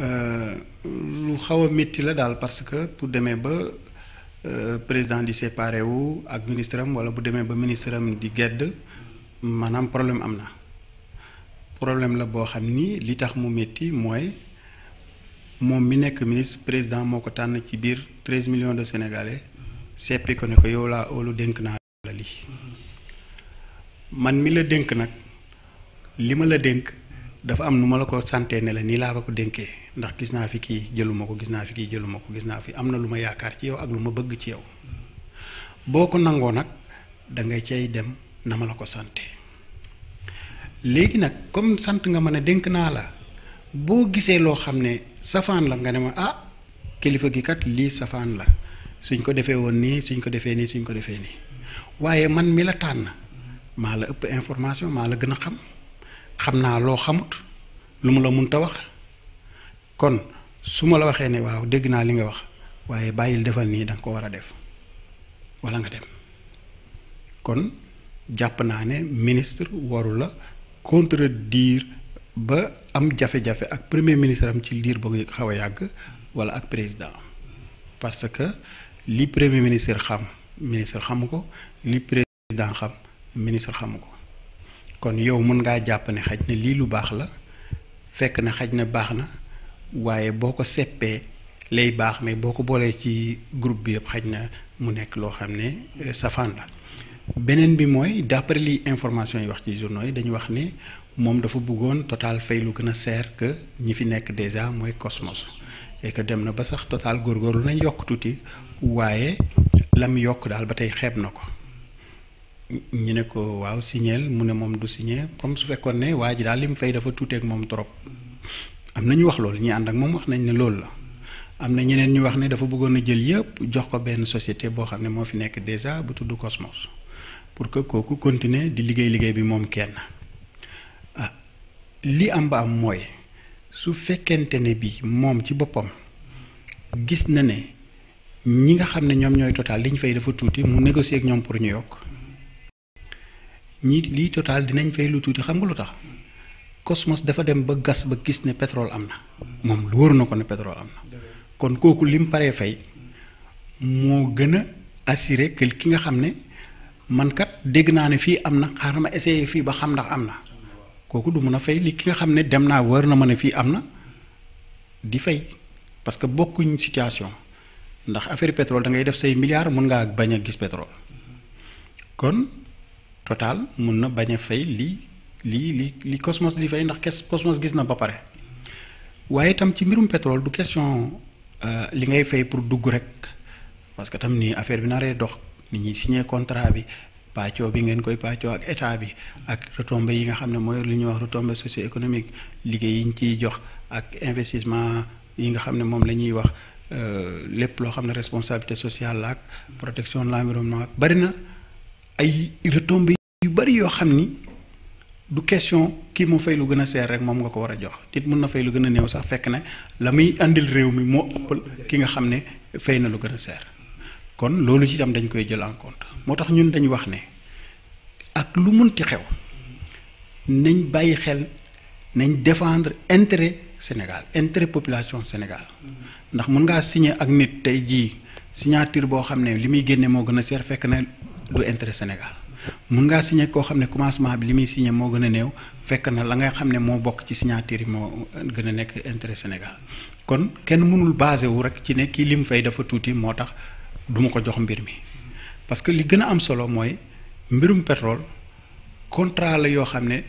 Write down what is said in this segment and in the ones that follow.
Euh, lu xaw a métti la daal parce que bu demee ba euh, président di séparé wu ak ministre am wala bu demee ba ministre am di gedd maanaam problème am na problème la boo xam ni li tax mu métti mooy moom mi nekk ministre président moo ko tànn ci biir treize million de sénégalais seppi ko ne ko yow laa óolu dénk naa la lii man mi la dénk nag li ma la dénk. dafa am nu la ko sante ne la ni la ko denké ndax gis na fi ki jëluma ko gis na fi ki jëluma ko gis na fi am na yaakar ci yow ak luma bëgg ci yow boko nangoo da ngay cey dem na ma la ko sante légui nak comme sant nga mëna denk na la bo gisé lo xamné safan la nga ne ma ah kilifa gi kat li safan la suñ ko défé won ni suñ ko défé ni suñ ko défé ni man mi la tan maa la ëpp information la xam xam loo xamut lu mu la munta wax kon su ma la waxee ne waaw dégg naa li nga wax waaye bàyyil defal nii da ko war def wala nga dem kon jàpp naa ne ministre waru la contredire ba am jafe-jafe ak premier ministre am ci liir ba xaw a yàgg wala ak président parce que li premier ministre xam ministre xam ko li président xam ministre xam ko kon yow mën ngaa jàpp ne xaj na lii lu baax la fekk na xaj na baax na waaye boo ko seppee lay baax mais boo ko boolee ci groupe bi yëpp xaj na mu nekk loo xam ne euh, safaan la beneen bi mooy d'après li information yi wax ci journaux yi dañu wax ne moom dafa bëggoon Total fay lu gën a seer que ñi fi nekk déjà mooy Cosmos et que dem na ba sax Total góorgóorlu nañ yokk tuuti waaye lam yokk daal ba tey xeeb na ko ñu ne ko waaw signeel mu ne moom du signé comme su fekkoon ne waa ji daal li mu fay dafa tuuteeg moom trop am na ñu wax loolu ñi ànd ak moom wax nañ ne loolu la am na ñeneen ñu wax ne dafa bëggoon a jël yëpp jox ko benn société boo xam ne moo fi nekk déjà bu tudd Cosmos pour que kooku continuer di liggéey liggéey bi moom kenn ah li am ba am mooy su fekkente ne bi moom ci boppam gis na ne ñi nga xam ne ñoom ñooy total li ñu fay dafa tuuti mu négocier ak ñoom pour ñu yokk. ñi li total dinañ fay lu tuuti xam nga lutax cosmos dafa dem ba gas ba gis ne pétrole amna. mom lu wóor ko ne pétrole amna kon koku lim paré fay mo gëna assuré que ki nga xam ne man kat dégg naa ne fii am na xaaral ma essayé fii ba xam ndax am na du mën fay li ki nga xam ne dem naa wër na ma ne fii am di fay parce que bokkuñ situation ndax affaire pétrole da ngay def say milliards mën ngaa bañ gis pétrole kon total na li Cosmos di fay ndax Cosmos gis na ba pare waaye tam ci pétrole euh, pour dugg rek parce que tam ni affaire bi dox signé contrat bi socio-économiques investissement yi nga la responsabilité sociale protection de l'environnement bari yoo xam ni du question kii mu fay lu gën a seer rek moom nga ko war a jox nit mun na fay lu gën a néew sax fekk na la muy indil réew mi moo ëpp ki nga xam ne fay na lu gën a seer kon loolu ci itam dañ koy jël en moo tax ñun dañ wax ne ak lu mun munti xew nañ bàyyi xel nañ defendre intérêt Sénégal intérêt population Sénégal ndax mun ngaa signer ak nit tey jii signature boo xam ne li muy génne moo gën a seer fekk na du intérêt Sénégal mun ngaa signé koo xam ne commencement bi li muy signé moo gën a néew fekk na la ngay xam ne moo bokk ci signature yi moo gën a nekk intérêt Sénégal kon kenn mënul basé wu rek ci ne kii li mu fay dafa tuuti moo tax duma ko jox mbir mi parce que li gën a am solo mooy mbirum pétrole contrat la yoo xam ne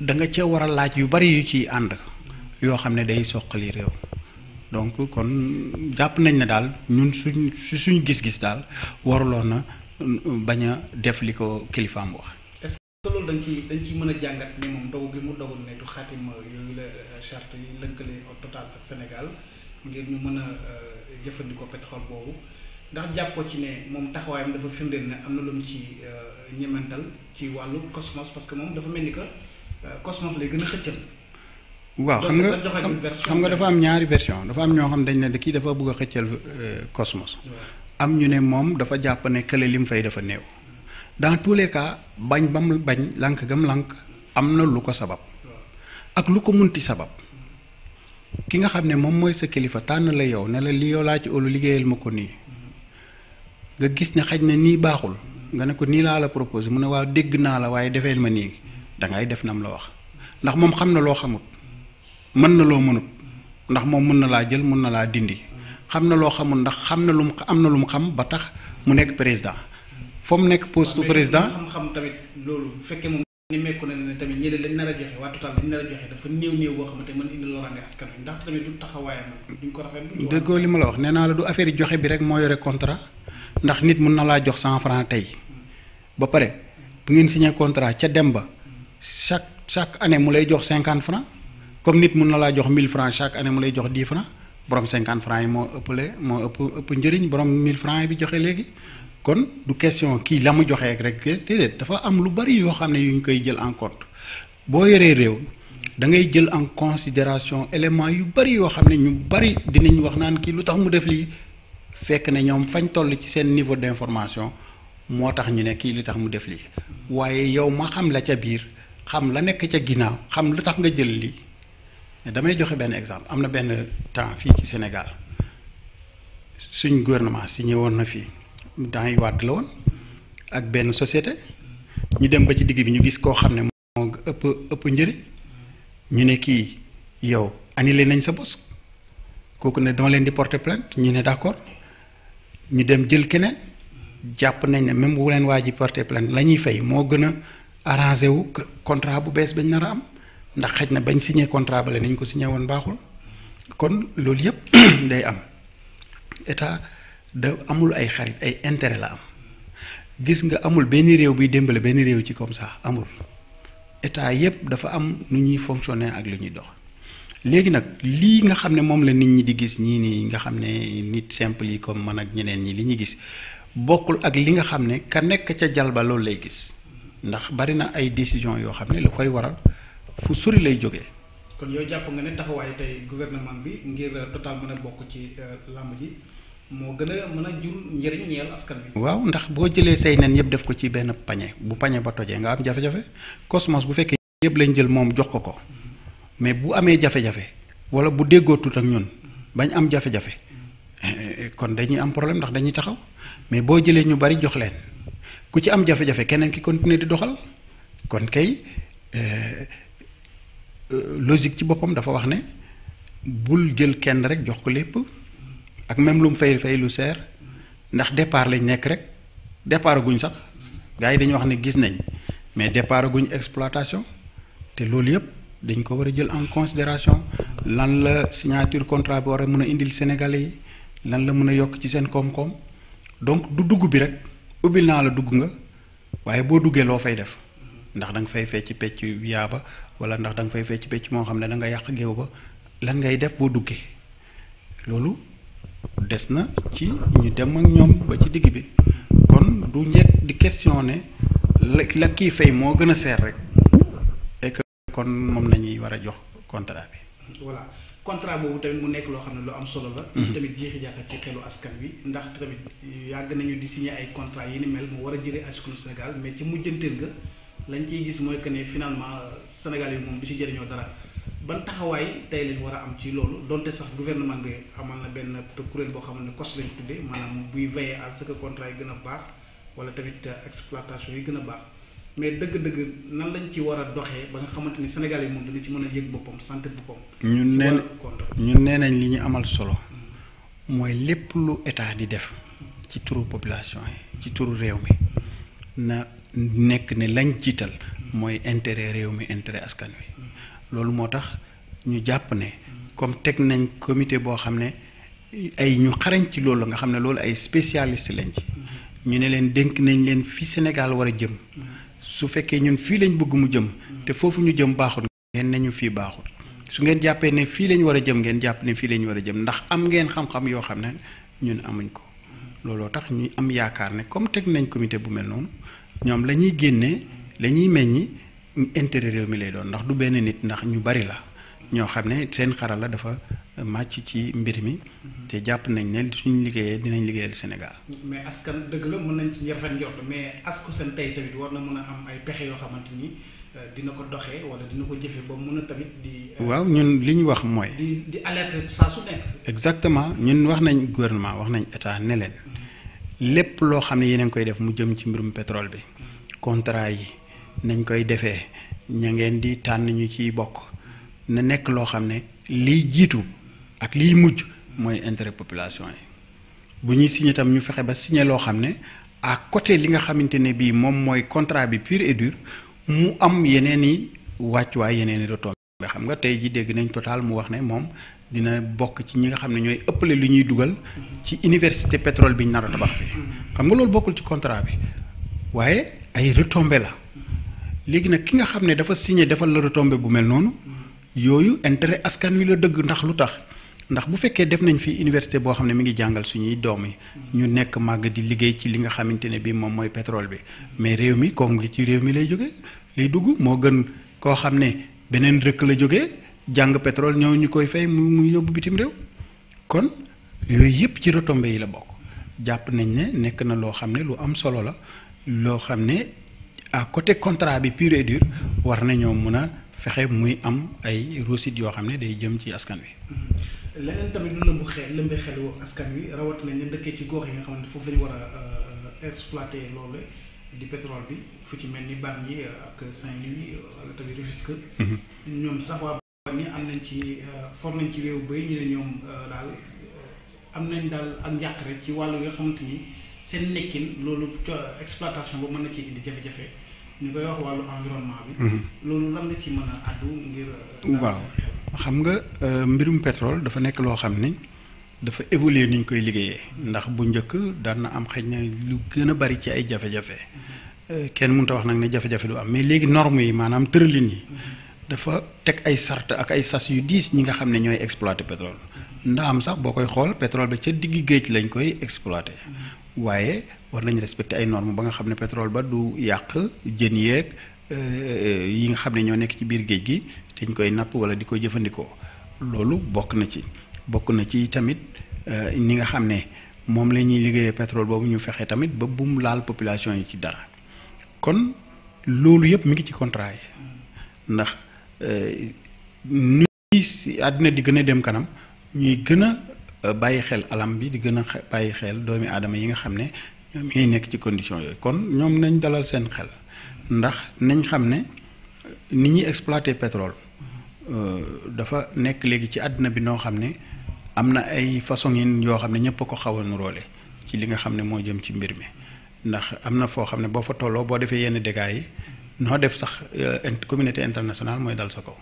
da nga ca war a laaj yu bari yu ciy ànd yoo xam ne day soqali réew donc kon jàpp nañ ne daal ñun suñ suñ gis-gis daal waruloon na. bañ a def li ko kilifaam wax. est-ce que loolu dañ ci dañ ci mën a jàngat ni moom dogu gi mu dogoon ne du xaatim euh, yooyu la euh, charte yi lëkkale au total ak Sénégal ngir ñu mën a euh, jëfandikoo pétrole boobu ndax jàpp ci ne moom taxawaayam dafa firndeel ne am na lu ci ñemental ci wàllu Cosmos parce que moom dafa mel ni que Cosmos lay gën a xëccal. waaw xam nga xam nga dafa am ñaari version dafa am ñoo xam dañ ne kii dafa bëgg a xëccal Cosmos. am ñu ne moom dafa jàpp ne kële lim fay dafa néew dans tous les cas bañ bam bañ lank gam lank am na lu sabab ak lu ko munti sabab ki nga xam ne moom mooy sa kilifa tànn la yow ne la li yow laa ci olu liggéeyal ma ko nii nga gis ne xaj na nii baaxul nga ne ko nii laa la proposé mu ne waaw dégg naa la waaye defeel ma nii da ngay def nam la wax ndax moom xam na loo xamut mën na loo mënut ndax moom mën na laa jël mën na laa dindi xamna na xamul ndax xamna na lum am na lum xam ba tax mu nek president fam nek poste président xam-xam tamit loolu fekkee moom nemmeeku na ne tamit ñële lañ nara joxe wa total lañ nara joxe dafa new néew boo xamante man indi loraange askan ndax tamit du taxawaayam duñ ko rafetlu déggoo li ma la wax neena la du affaire joxe bi rek mo yore contrat ndax nit mun na la jox 100 francs tay ba paré bu ngeen signé contrat ca dem ba chaque chaque année mu lay jox 50 francs comme nit mun na la jox 1000 francs chaque année mu lay jox 10 francs borom 50 francs mo moo ëppale moo ëpp ëpp njëriñ borom 1000 francs bi joxe léegi kon du question kii la mu joxee rek déedéet dafa am lu bari yoo xam ne yu koy jël en compte boo yoree réew da ngay jël en considération élément yu bari yoo xam ne ñu bari dinañ wax naan kii lu tax mu def lii fekk ne ñoom fañ toll ci seen niveau d'information moo tax ñu ne kii li tax mu def lii waaye yow ma xam la ca biir xam la nekk ca ginnaaw xam lu tax nga jël lii damay joxe benn exemple am na benn temps fii ci Sénégal suñ gouvernement signé woon na fii temps yi wàdd la woon ak benn société ñu dem ba ci digg bi ñu gis koo xam ne moo ëpp ëpp njëriñ ñu ne kii yow annulé nañ sa bos kooku ne dama leen di porté plainte ñu ne d'accord ñu dem jël keneen jàpp nañ ne même bu leen waa ji porter plainte la ñuy fay moo gën a arrangé wu contrat bu bees bañ nar a am ndax xaj na bañ signé contrat nañ ko signé woon baaxul kon loolu yëpp day am état da amul ay xarit ay intérêt la am gis nga amul benn réew buy démbale benn réew ci comme ça amul état yëpp dafa am nu ñuy fonctionner ak lu ñuy dox léegi nag lii nga xam ne moom la nit ñi di gis ñii nii nga xam ne nit simple yi comme man ak ñeneen ñi li ñu gis bokkul ak li nga xam ne ka nekk ca jalba loolu lay gis ndax bari na ay décision yoo xam ne lu koy waral fu sori lay jóge kon yow jàpp nga ne taxawaay tey gouvernement bi ngir Total mën a bokk ci euh, làmb ji moo gën a mën a jur njëriñ ñeel askan bi. waaw ndax boo jëlee say nen yëpp def ko ci benn pañe bu pañe ba tojee nga am jafe-jafe bu fekkee yëpp lañ jël moom jox ko ko mais bu amee jafe wala bu déggootut ak ñun bañ am jafe eh, kon dañuy am problème ndax dañuy taxaw mais boo jëlee ñu bari jox leen ku ci am jafe-jafe keneen ki continuer di doxal kon kay. Euh, Euh, logique ci boppam dafa wax ne bul jël kenn rek jox ko lépp ak même lu mu fay fay lu seer ndax départ lañ nekk rek départ guñ sax gars yi dañu wax ne gis nañ mais départ guñ exploitation te loolu yëpp dañ ko war a jël en considération lan la signature contrat bi war a mën a indil Sénégalais yi lan la mën a yokk ci seen koom-koom donc du dugg bi rek ubbil naa la dugg nga waaye boo duggee loo fay def. ndax danga nga fay fecc pecc yaaba wala ndax danga nga fay fecc pecc moo xam ne da nga yàq géew ba lan ngay def boo duggee loolu des na ci ñu dem ak ñoom ba ci digg bi kon du njëkk di question ne la la kii fay moo gën a seer rek et kon moom nañuy war a jox contrat bi. voilà contrat boobu tamit mu nekk loo xam ne lu am solo la. Mhm. tamit jeexi jaaxa ci xelu askan bi ndax tamit yàgg nañu di signé ay contrat yi ni mel mu war a jëlee askanu Sénégal mais ci mujjanteel nga. lañ ciy gis mooy que ne finalement euh, Sénégal yi moom du ci jëriñoo dara ban taxawaay tey lañ war a am ci loolu donte sax gouvernement bi amal na benn kuréel boo xam ne COS lañ tuddee maanaam buy veiller à ce que contrat gën a baax wala tamit euh, exploitation yi gën a baax mais dëgg-dëgg nan lañ ci war a doxee ba nga xamante ni Sénégal yi moom dina ci mën a yëg boppam santé boppam. ñun nee ñun nee nañ li ñu amal solo mm. mooy lépp lu état di def ci turu population yi ci turu réew mi na. nekk ne lañ jiital mooy intérêt réew mi intérêt askan wi loolu moo tax ñu jàpp ne comme teg nañ comité boo xam ne ay ñu xarañ ci loolu nga xam ne loolu ay spécialiste lañ ci ñu ne leen dénk nañ leen fi Sénégal war a jëm su fekkee ñun fii lañ bëgg mu jëm te foofu ñu jëm baaxul ngeen nañu fii baaxul su ngeen jàppee ne fii lañ war a jëm ngeen jàpp ne fii lañ war a jëm ndax am ngeen xam-xam yoo xam ne ñun amuñ ko looloo tax ñu am yaakaar ne comme teg nañ comité bu mel noonu ñoom la ñuy génnee la meññi intérêt réew mi lay doon ndax du benn nit ndax ñu bari la ñoo xam ne seen xarala dafa màcc ci mbir mi te jàpp nañ ne suñ liggéeyee dinañ liggéeyal Sénégal. mais askan dëgg la mën nañ ci rafet mais askan seen tey tamit war na mën a am ay pexe yoo xamante ni euh, dina ko doxee wala dina ko jëfee ba mën a tamit di. Euh, waaw ñun li ñu wax mooy. di di alerte saa su nekk. exactement ñun wax nañ gouvernement wax nañ état neleen mm. lépp loo xam ne yéen koy def mu jëm ci mbirum pétrole bi contrat yi nañ koy defee ña ngeen di tànn ñu ciy bokk na nekk loo xam ne liy jiitu ak liy mujj mooy intérêt population yi bu ñuy signé tam ñu fexe ba signé loo xam ne à côté li nga xamante ne bii moom mooy contrat bi pur et dur mu am yeneen i wàccuwaay yeneen i retombées xam nga tey ji dégg nañ total mu wax ne moom dina bokk ci ñi nga xam ne ñooy ëppale lu ñuy dugal ci université pétrole bi ñu nar a tabax fii xam nga loolu bokkul ci contrat bi waaye ay retombé la léegi nag ki nga xam ne dafa signé defal la retombé bu mel noonu yooyu intérêt askan wi la dëgg ndax lu tax ndax bu fekkee def nañ fi université boo xam ne mu ngi jàngal suñuy doom yi ñu nekk màgg di liggéey ci li nga xamante ne bii moom mooy pétrole bi mais réew mi kooku ngi ci réew mi lay jóge lay dugg moo gën koo xam ne beneen rëkk la jógee jàng pétrole ñoo ñu koy fay mu mu yóbbu bitim réew kon yooyu yëpp ci retombées yi la bokk jàpp nañ ne nekk na loo xam ne lu am solo la loo xam ne à côté contrat bi pur et dur war nañoo mën a fexe muy am ay réussite yoo xam ne day jëm ci askan wi. leneen tamit lu lëmb xel lëmbee xel woo askan wi rawatina ñu dëkkee ci gox yi nga xam foofu la ñu war a euh, exploiter loolu di pétrole bi fu ci mel ni Bargny ak Saint-Louis wala tamit Rufisque. Mhm. ñoom sax xam ni am nañ ci euh, for nañ ci réew bay ñu ne ñoom euh, daal euh, am nañ daal ak njàq rek ci wàllu nga xamante ni seen nekkin loolu exploitation boobu mën na ci indi jafe-jafe ñu koy wax wàllu environnement bi. Mhm. loolu lan ci mën a àddu ngir. waaw xam nga mbirum pétrole dafa nekk loo xam ne dafa évoluer ni ñu koy liggéeyee. ndax bu njëkk daan na am xëy na lu gën a bari ci ay jafe-jafe. Mhm. kenn mënut a wax nag ne jafe-jafe du am mais léegi normes yi maanaam tëralin yi. Mhm. dafa tek ay sart ak ay sas yu diis ñi nga xam ne ñooy exploiter pétrole ndaam sax boo koy xool pétrole ba ca digg géej lañ koy exploiter waaye war nañ respecter ay normes ba nga xam ne pétrole ba du yàq jën yeeg euh, yi nga xam ne ñoo nekk ci biir géej gi koy napp wala di ko jëfandikoo loolu bokk na ci bokk na ci tamit ni euh, nga xam ne moom la ñuy liggéeyee pétrole boobu ñu fexe tamit ba bu laal population yi ci dara kon loolu yëpp mi ngi ci contrat yi ndax nu adina di gëna dem kanam ñuy gëna euh, bayyi xel alam bi di gëna bayyi xel doomi adama yi nga xamne ñom ñi nekk ci condition yoy kon ñom nañ dalal seen xel ndax nañ xamne ni ñi exploiter pétrole euh, dafa nekk légui ci adina bi no xamne amna ay façon yin yo xamne ñepp ko xawal nu nuróole ci li nga xamne mo jëm ci mbir mi ndax amna fo xamne bo fa tolo bo defé yenn dégâts noo def sax euh, communauté internationale mooy dal sa ko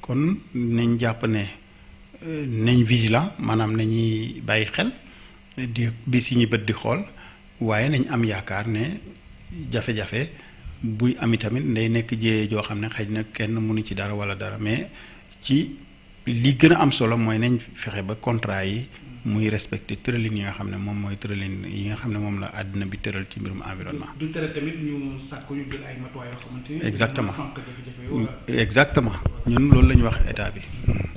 kon nañ jàpp ne euh, nañ la maanaam nañuy bàyyi xel di bi si ñu bët di xool waaye nañ am yaakaar ne jafe-jafe buy am itamit nday nekk jéyee joo xam ne xëy na kenn mënu ci dara wala dara mais ci li gën a am solo mooy nañ fexe ba contrat yi muy respecté tëralin yi nga xam ne moom mooy tëralin yi nga xam ne moom la àddina bi tëral ci mbirum environnement. du tere tamit ñu sàkk ñu jël ay matuwaay yoo xamante exactement exactement loolu la ñu wax état bi.